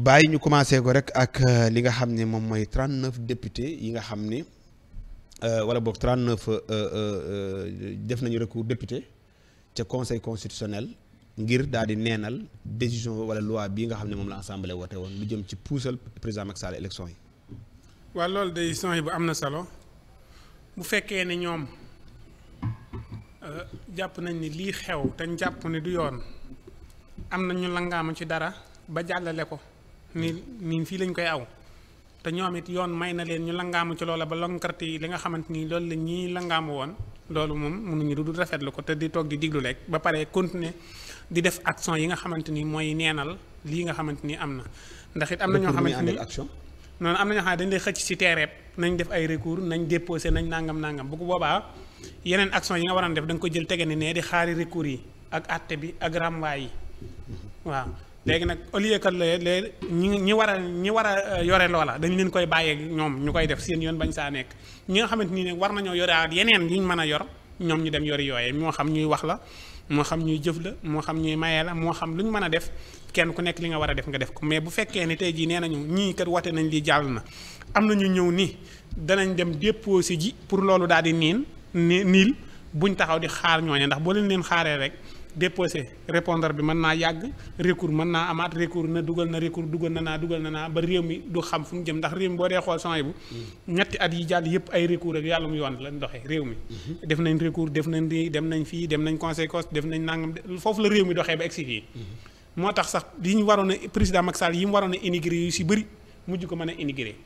bàyyi ñu commencé ko rek ak euh, li nga xam ne moom mooy 39 députés yi nga xam ni euh, wala boog 39 euh, def nañu recours député ca conseil constitutionnel ngir daal di neenal décision wala loi bii nga xam ne moom la assemblée woote woon lu jëm ci puusal président Macky Sall élection yi. waaw loolu day son yi bu am na solo bu fekkee ne ñoom jàpp nañ ni lii xew te jàpp ne du yoon am na ñu langaama ci dara ba jàllale ko. ni nii fii lañ koy aw te ñoom it yoon may na leen ñu langaamu ci loola ba lonkarti yi li nga xamante ni loolu la ñuy langaamu woon loolu moom mënuñu du rafetlu ko te di toog di diglu rek ba pare continuer di def action yi nga xamante ni mooy neenal lii nga xamante ni am na ndax it am na ñoo xamante ni noonu am na ñoo xam ne dañ lay xëcc ci teereeb nañ def ay recours nañ déposé nañ nangam nangam bu ko boobaa yeneen action yi nga waroon def da ko jël tege ne nee di xaari recours yi ak àtte bi ak ramwaay waaw léegi nag au lieu que léeg ñi ñi war a ñi war a euh, yore loola dañu leen koy bàyyee ñoom ñu koy def seen yoon bañ saa nekk ñi nga xamante ni ne war nañoo yore yorewaat yeneen ñu mën a yor ñoom ñu dem yori yooyee moo xam ñuy wax la moo xam ñuy jëf la moo xam ñuy maye la moo xam lu ñu mën a def kenn ku nekk li nga war a def nga def ko mais bu fekkee ne tey jii nee nañu ñii kat wate nañ lii jàll na am na ñu ñëw nii danañ dem déposé ji pour loolu daal di niin nii niil buñ taxaw di xaar ñooñu ndax boo leen leen xaaree rek déposé répondre bi mën naa yàgg recours mën naa amaat recours na dugal na recours dugal na naa dugal na naa ba réew mi du xam fu mu jëm ndax réew mi boo dee xool sony bu mm. ñetti at yi jàll yëpp ay recours ak yàlla mu yoon lañ doxee réew mi mm-hmm. def nañ recours def nañ di dem nañ fii dem nañ conseil def nañ nangam foofu la réew mi doxee ba egsi mm-hmm. moo tax sax li ñu waroon a président Macky Sall yi mu waroon a énigré yu si bëri mujj ko man a immigré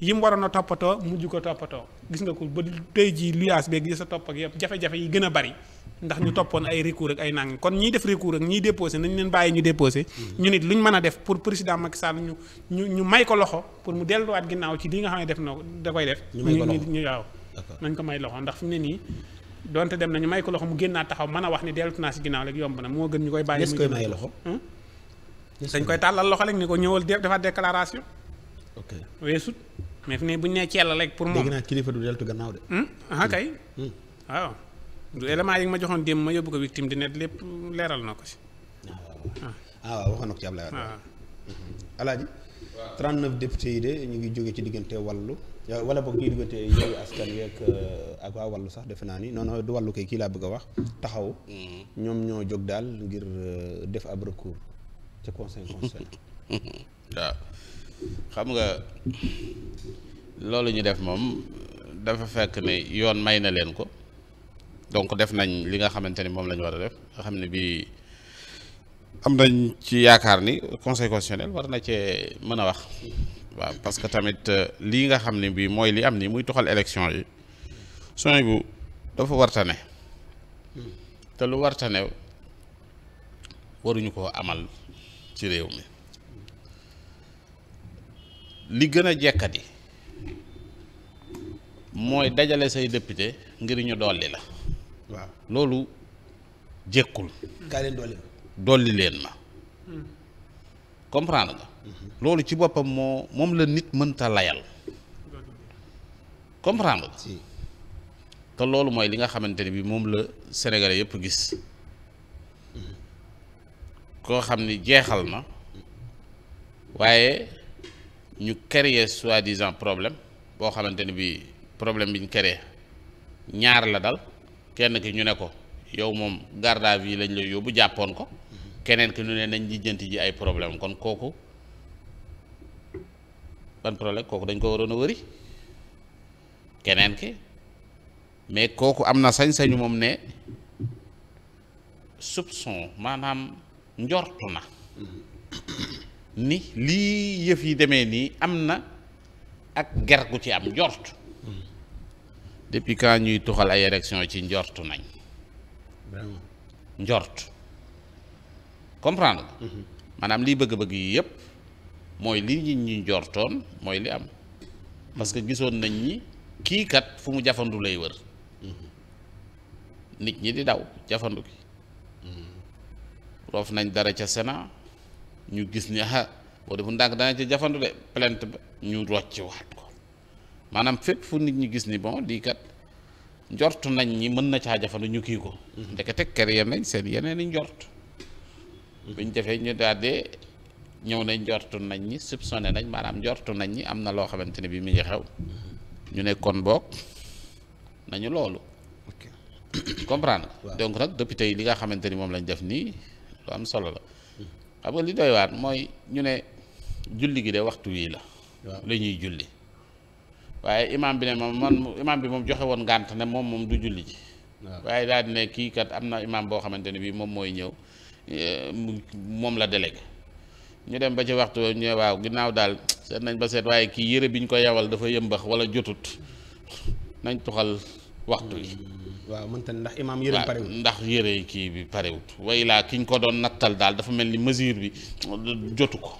yi mu waroon a toppatoo mujj ko toppatoo gis nga ko ba tey jii luyaas beeg yi sa topp ak yëpp jafe-jafe yi gën a bari ndax ñu toppoon ay recours ak ay nang kon ñiy def recours ak ñiy déposé nañ leen bàyyi ñu déposé ñu nit lu mën a def pour président Macky Sall ñu may ko loxo pour mu delluwaat ginnaaw ci li nga xam ne def na da koy def ñu waaw nañ ko may loxo ndax ne nii donte dem nañu may ko loxo mu génnaat taxaw mën a wax ne dellutu naa si ginnaaw rek yomb na moo gën ñu koy bàyyi hmm? dañ koy tàllal loxo rek ni ko ñëwal defaat déclaration ok weesut mais fi ne bu ñu nee ceele rek pour moom dégg naa kilifa du deltu gannaaw de. ah kay. Hmm. waaw du yi ma joxoon démb ma yóbbu ko victime di net lépp leeral na ko si. ah waaw ah. Ah, waxoon na ko ci Ablaye Wade. Ah. Hmm. Alaaji. waaw 39 députés yi de ñu ngi jóge ci diggante wàllu. wala boog ñuy diggante yooyu askan wi ak euh, ak waa wàllu sax defe naa ni non non du wàllu kay kii laa bëgg a wax taxaw. ñoom ñoo jóg daal ngir euh, def ab recours ca conseil constitutionnel. waaw. xam nga loolu ñu def moom dafa fekk ne yoon may na leen ko donc def nañ li nga xamante ni moom la ñu war a def nga xam ne bii am nañ ci yaakaar ni conseil constitutionnel war na cee mën a wax waaw parce que tamit euh, lii nga xam ne bii mooy li am ni muy toxal élection yi soñ bu dafa wartane hmm. te lu wartane waruñu ko amal ci réew mi li gën a jekkati mooy dajale say député ngir ñu dolli la. waaw loolu jekkul. kaa leen dolli. leen ma. Hmm. comprendre nga. Mhm. loolu ci boppam moo moom la nit mënta layal. comprendre nga. te loolu mooy li nga xamante ne bi moom la sénégalais yépp gis. Mhm. koo xam ni jeexal na waaye. ñu créer soi-disant problème boo xamante ni bii problème bi ñu créer ñaar la dal kenn ki ñu ne ko yow moom garde à vue lañ lay yóbbu jàppoon ko keneen ki ñu ne nañ lijjanti ji ay problème kon kooku ban problème kooku dañ ko waroon a wëri keneen ki mais kooku am na sañ-sañu moom ne soupçon maanaam njortu na. Mm-hmm. ni lii yëf yi demee nii am na ak ger gu ci am njort depuis quand ñuy tuxal ay élection ci njort nañ njort comprendre mhm. maanaam liy bëgg-bëgg yi yëpp mooy li nit ñi njortoon mooy li am parce que gisoon nañ ñi kiikat fu mu jafandu lay wër mhm. nit ñi di daw jafandu gi mhm. roof nañ dara ca sena ñu gis ni ah boo defu ndànk dana ci jafandu de plainte ba ñu rocc waxat ko maanaam fépp fu nit ñi gis ni bon lii kat njort nañ ñi mën na caa jafandu ñu kii ko mhm. ndekete créé nañ seen yeneen i njort mhm. buñ defee ñu daal de ñëw nañ njortu nañ ñi soupçonné nañ maanaam njortu nañ ñi am na loo xamante ne bi mu ngi xew mhm. ñu ne kon boog nañu loolu comprendre donc nag député yi li nga xamante ni moom lañ def nii lu am solo la xam nga li doy waat mooy ñu ne julli gi de waxtu wii la. waaw ñuy julli. waaye imaam bi ne moom man imaam bi moom joxe woon ngànt ne moom moom du julli ji. waaye daal ne kii kat am na imaam boo xamante ne bii moom mooy ñëw eh, moom la délégué. ñu dem ba ci waxtu waaw ginnaaw daal seet nañ ba seet waaye kii yére bi ñu ko yawal dafa yëmbax wala jotut nañ tuxal waxtu yi. waaw mënta ndax imaam yëre yi parewut ndax yëre kii bi parewut way laa ki ñ ko doon nattal daal dafa mel ni mesure bi jotu ko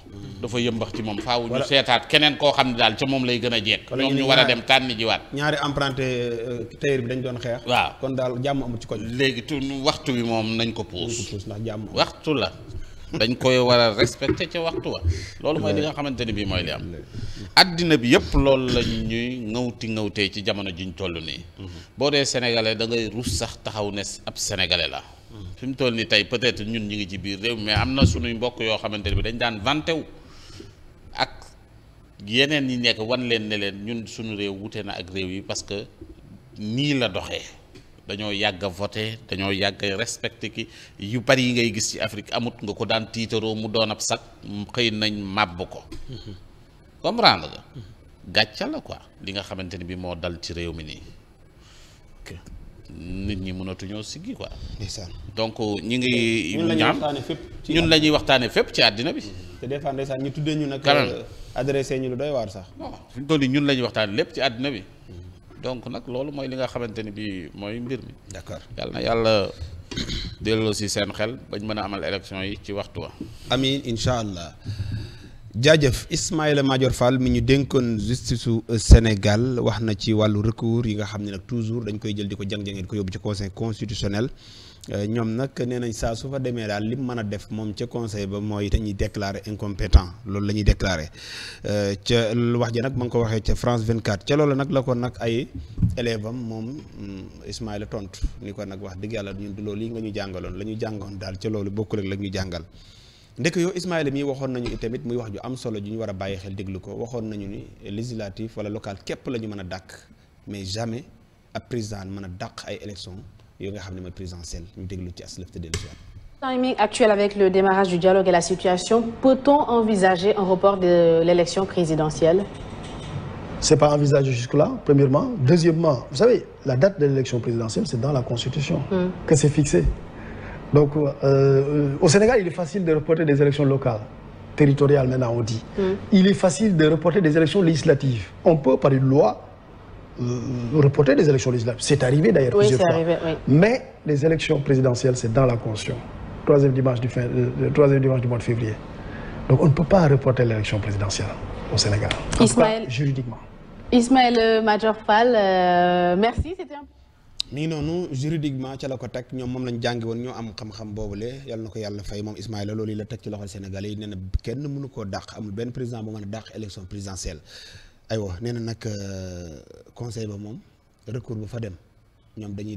dafa yëmbax ci moom faaw ñu seetaat keneen koo xam ne daal ca moom lay gën a jeet ñoom ñu war a dem tànni jiwaat ñaari emprunté euh, tailleur bi dañ doon xeex waaw kon daal jàmm amul ci koñ léegi tu waxtu wi moom nañ ko puus ndax jàmm waxtu la dañ koy war a respecté ca waxtu wa loolu mooy li nga xamante ni bii mooy li am addina bi yëpp loolu lañ ñuy ŋawti ŋawtee ci jamono jiñ toll nii. Mm-hmm. boo dee sénégalais da ngay ruus sax taxaw ne ab sénégalais la. Mm-hmm. fi mu toll nii tey peut-être ñun ñu ngi ci biir réew mais am na suñu mbokk yoo xamante ne bi dañ daan vanté wu ak yeneen yi nekk wan leen ne leen ñun suñu réew wute na ak réew yi parce que nii la doxee dañoo yàgg a voté dañoo yàgg respecte ki yu bari yi ngay gis ci Afrique amut nga ko daan tiitaroo mu doon ab sax xëy nañ màbb ko. Mm-hmm. comprendre nga gàcca la quoi li nga xamante ni bi moo dal ci réew mi nii nit ñi mënatuñoo siggi quoi. ndeysaan donc ñu ngi. ñun la ñuy waxtaanee fépp ci ñun la ñuy waxtaanee fépp ci àddina bi. Mm-hmm. te des fois ndeysaan ñu tuddee ñu nag. Euh, adressé ñu lu doy waar sax. non fi mu toll nii ñun la ñuy waxtaanee lépp ci àddina bi. donc nag loolu mooy li nga xamante ni bii mooy mbir mi. d'accord yàlla na yàlla delloo seen xel bañ mën a amal élection yi ci waxtu wa. jaajëf Ismaïla Madior Fall mi ñu dénkoon justice su euh, Sénégal wax na ci wàllu recours yi nga xam ne nag toujours dañ koy jël di ko jàng-jàngee di ko yóbbu ci conseil constitutionnel euh, ñoom nag nee nañ saa su fa demee daal li mu mën a def moom ca conseil ba mooy dañuy déclarer incompétent loolu la ñuy déclarer euh, ca wax ja nag ma ngi ko waxee ca France 24 ca loolu nag la ko nag ay élève am moom mm, Ismaïla tontu ni ko nag wax dëgg yàlla ñun du loolu yi nga ñu jàngaloon la ñu jàngoon daal ca loolu bokkul ak la ñu jàngal ndek yow Ismaïla mii waxoon nañu itamit muy wax ju am solo ju ñu war a bàyyi xel déglu ko waxoon nañu ni législatif wala local képp la ñu mën a dàq mais jamais ab président mën a dàq ay élection yoo nga xam ne mooy présidentielle ñu déglu ci aslëf te dellu timing actuel avec le démarrage du dialogue et la situation peut-on envisager un report de l'élection présidentielle c'est pas envisagé jusque-là premièrement deuxièmement vous savez la date de l'élection présidentielle dans la constitution hmm. que c'est fixé Donc, euh, euh, au Sénégal, il est facile de reporter des élections locales, territoriales maintenant on dit. Mm. Il est facile de reporter des élections législatives. On peut, par une loi, euh, reporter des élections législatives. C'est arrivé Mais les élections présidentielles, la Constitution. Euh, troisième dimanche du, mois de février. on ne peut pas reporter l'élection présidentielle au Sénégal. juridiquement. Ismaël Majorfal, merci. mi ngi noonu juridiquement ca la ko teg ñoom moom lañ jàngi woon ñoo am xam-xam boobule yal na ko yàlla fay moom Ismaïla loolu la teg ci loxol Sénégalais yi nee na kenn mënu koo dàq amul benn président bu mën a dàq élection présidentielle aywa nee na euh, conseil ba moom recours ba fa dem ñoom dañuy